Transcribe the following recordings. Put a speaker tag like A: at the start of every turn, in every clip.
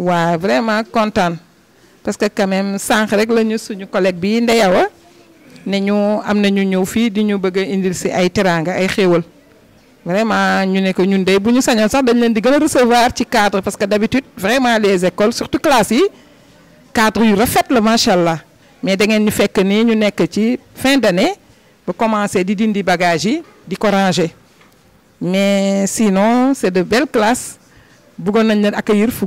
A: Oui, vraiment content parce que quand même sans règle, nous, sommes suñu collègues, bi ndeyawa ne ñu am na ñu ñëw fii di ñu bëgg vraiment nous ne des ñun qui bu ñu sax recevoir cadre parce que d'habitude vraiment les écoles surtout classes les cadres yu refaits, le machallah. mais da ngeen ñu fekk nous, ñu nekk fin d'année commencer à di dindi bagages yi di mais sinon c'est de belles classes Nous nañ accueillir fu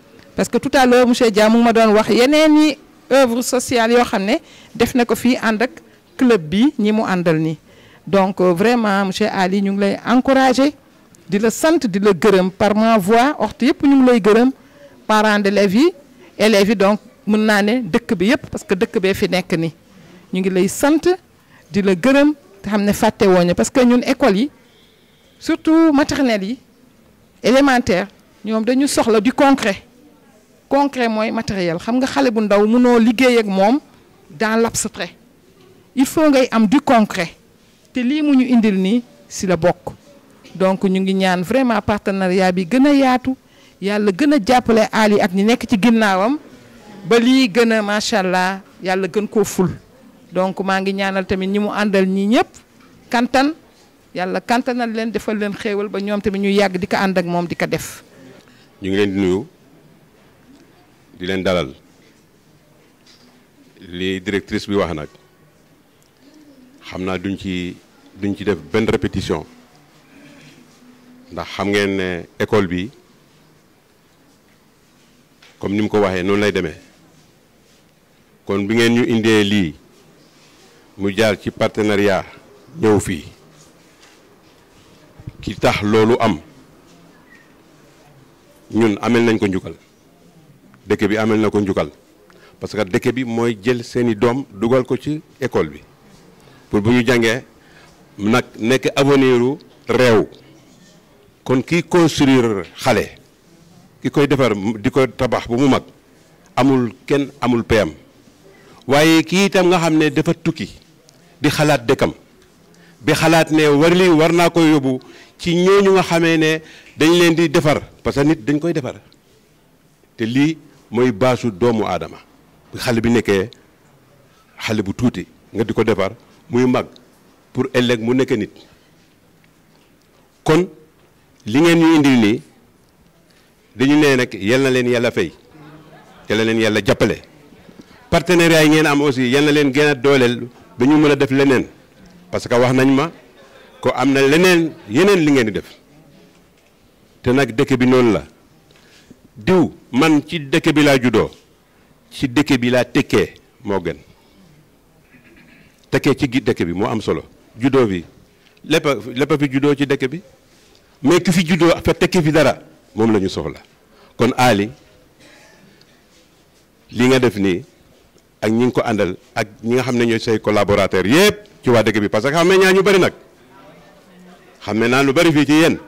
A: parce que tout à l'heure monsieur Diamou ma donné wax yeneen œuvre sociale yo xamné def nako fi fii ak club bi ñi mu andal ni. donc euh, vraiment monsieur Ali ñu ngi lay encourager di la sant di la gërëm par ma voix waxtu yëpp ñu ngi lay par parents de yi élèves donc mën na né dëkk bi yépp parce que dëkk bi fi nekk ni ñu ngi lay sante di la gërëm te xamné faté fàtte parce que ñun école yi surtout maternelle yi élémentaire ñom dañu soxla du concret concret moy matériel xam nga xalé bu ndaw mëno liggéey ak mom dans l'abstrait il faut ngay am du concret té li mu ñu indil ni si la bok donc ñu ngi ñaan vraiment partenariat bi gëna yaatu yalla gëna jappalé ali ak ñi nekk ci ginnawam ba li gëna machallah yalla gën ko ful donc ma ngi ñaanal tamit ñi mu andal ñi ñëpp kantan yalla kantanal leen defal leen xéewal ba ñom tamit ñu yàgg dika ak di def.
B: ñu ngi leen di nuyu. di len dalal li directrice bi wax nak xamna duñ ci duñ ci def ben répétition ndax xam ngeen ne école bi comme nim ko waxé non lay démé kon bi ngeen ñu indé li mu jaar ci partenariat ñëw fi ki tax lolu am ñun amel nañ ko njukkal dëkk bi amel na ko njukkal parce que dëkk bi mooy jël seeni doom dugal ko ci école bi pour bu ñu jàngee nag nekk aveniru réew kon kii construire xale ki koy defar di ko tabax bu mu mag amul kenn amul payam waaye kii itam nga xam ne dafa tukki di xalaat dëkkam bi xalaat ne war naa ko yóbbu ci ñooñu nga xamee ne dañ leen di defar parce que nit dañ koy defar te lii mooy baasu doomu aadama xale bi nekkee xale bu tuuti nga di ko defar muy mag pour ëllëg mu nekk nit kon li ngeen ñu indil nii dañu ne nag yal na leen yàlla fay yal na leen yàlla jàppale partenariat yi ngeen am aussi yal na leen gën dooleel ba ñu mën a def leneen parce que wax nañ ma ko am na leneen yeneen li ngeen di def te nag dëkk bi noonu la diw man ci dëkk bi laa juddoo ci dëkk bi laa tekkee moo gën tekkee ci dëkk bi moo am solo juddoo bi lépp lépp fi juddoo ci dëkk bi mais ki fi juddoo fa tekki fi dara moom la ñu soxla kon Ali lii nga def nii ak ñi nga ko àndal ak ñi nga xam ne ñooy say collaborateur yëpp ci waa dëkk bi parce que xam ne ñaa ñu bari nag xam ne naa lu bëri fii ci yéen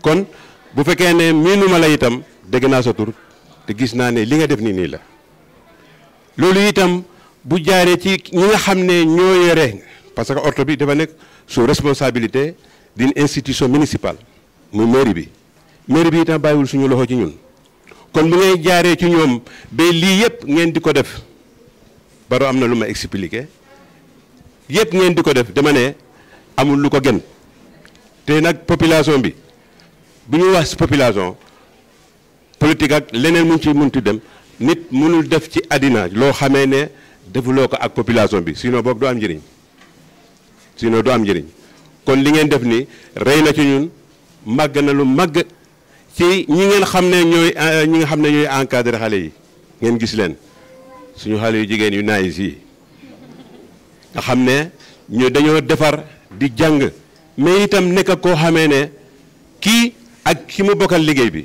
B: kon bu fekkee ne miinuma la itam dégg naa sa tur te gis naa ne li nga def nii nii la loolu itam bu jaaree ci ñi nga xam ne ñoo yore parce que orto bi dafa nekk su responsabilité d'une institution municipale muy mairie bi mairie bi itam bàyyiwul suñu loxo ci ñun kon bu ngay jaaree ci ñoom ba lii yëpp ngeen di ko def baro am na lu ma expliqué yëpp ngeen di ko def dama ne amul lu ko gën te nag population bi bu ñu wax population politique ak leneen mu ci munti dem nit mënul def ci lo loo xamee ne defuloo ko ak population bi sinon boog du am njëriñ sinon du am njëriñ kon li ngeen def ni rey na ci ñun màgg na lu màgg ci ñi ngeen xam ne ñooy euh, ñi nga xam ne ñooy encadré xale yi ngeen gis leen suñu xale yu jigéen yu naay yi nga xam ne ñu dañoo defar di jàng mais itam nekk koo xamee ne kii ak ki mu bokkal liggéey bi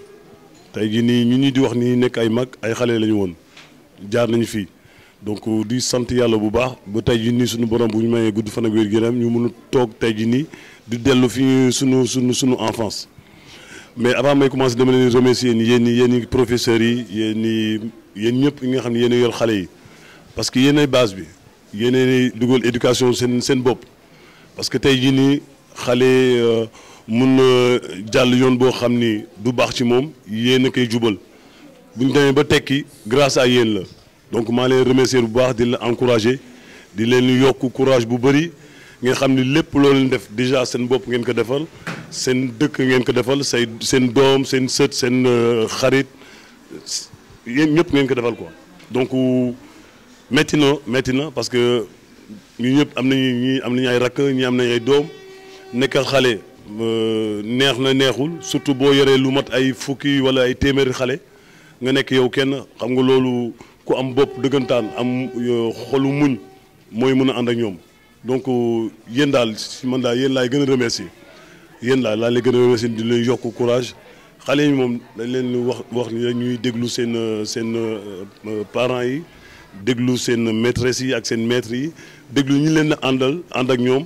C: tey jii nii ñu ñi di wax ni nek ay mag ay xalé lañu woon jaar nañu fi donc euh, di sante yalla bu baax bu tey jii nii suñu borom bu ñu mayee gudd fan ak wér gu ñu mënu tok toog tey jii di delu fi suñu suñu suñu enfance mais avant may commencer dama leen remercier yéen ñi yéen professeur yi yéen ñi yéen ñëpp ñi nga xamni ne yéen a yor yi parce que ay base bi ay dugal éducation sen sen bop parce que tey ni xalé xale euh, mun na jàll yoon boo xam ni du baax ci moom yéen a koy jubal bu ñu demee ba tekki grâce à yéen la donc maa leen remercier bu baax di la encourager di leen yokk courage bu bëri ngeen xam ni lépp loo leen def déjà seen bopp ngeen ko defal seen dëkk ngeen ko defal say seen doom seen sët seen euh, xarit yéen ñëpp ngeen ko defal ko donc métti na métti na parce que ñu ñëpp am nañu ñii am nañu ay rakk ñii am nañu ay doom nekkal xale. Euh, neex na neexul surtout boo yoree lu mat ay fukki wala ay téeméeri xale nga nekk yow kenn xam nga loolu ku am bopp dëggantaan am euh, xolu muñ mooy mën a ànd ak ñoom donc euh, yéen daal si man daal yéen laay gën a remercier yéen daal laa lay gën a remercier di leen yokk courage xale yi moom dañ leen wax wax ni ñuy déglu seen seen parents yi déglu seen maîtresse yi ak seen maîtres yi déglu ñu leen àndal ànd ak ñoom.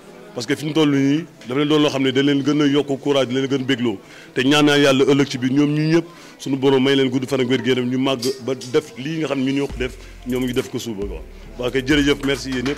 C: parce que fi ñu toll nii dafa leen doon loo xam ne daleen leen gën a yokk courage di leen gën bégloo te ñaan naa yàlla ëllëg ci biir ñoom ñu ñëpp suñu borom may leen gudd fan ak wér gu ñu màgg ba def lii nga xam ne ñu ñoo ko def ñoom ñu def ko suuba quoi waa kay jërëjëf merci yéen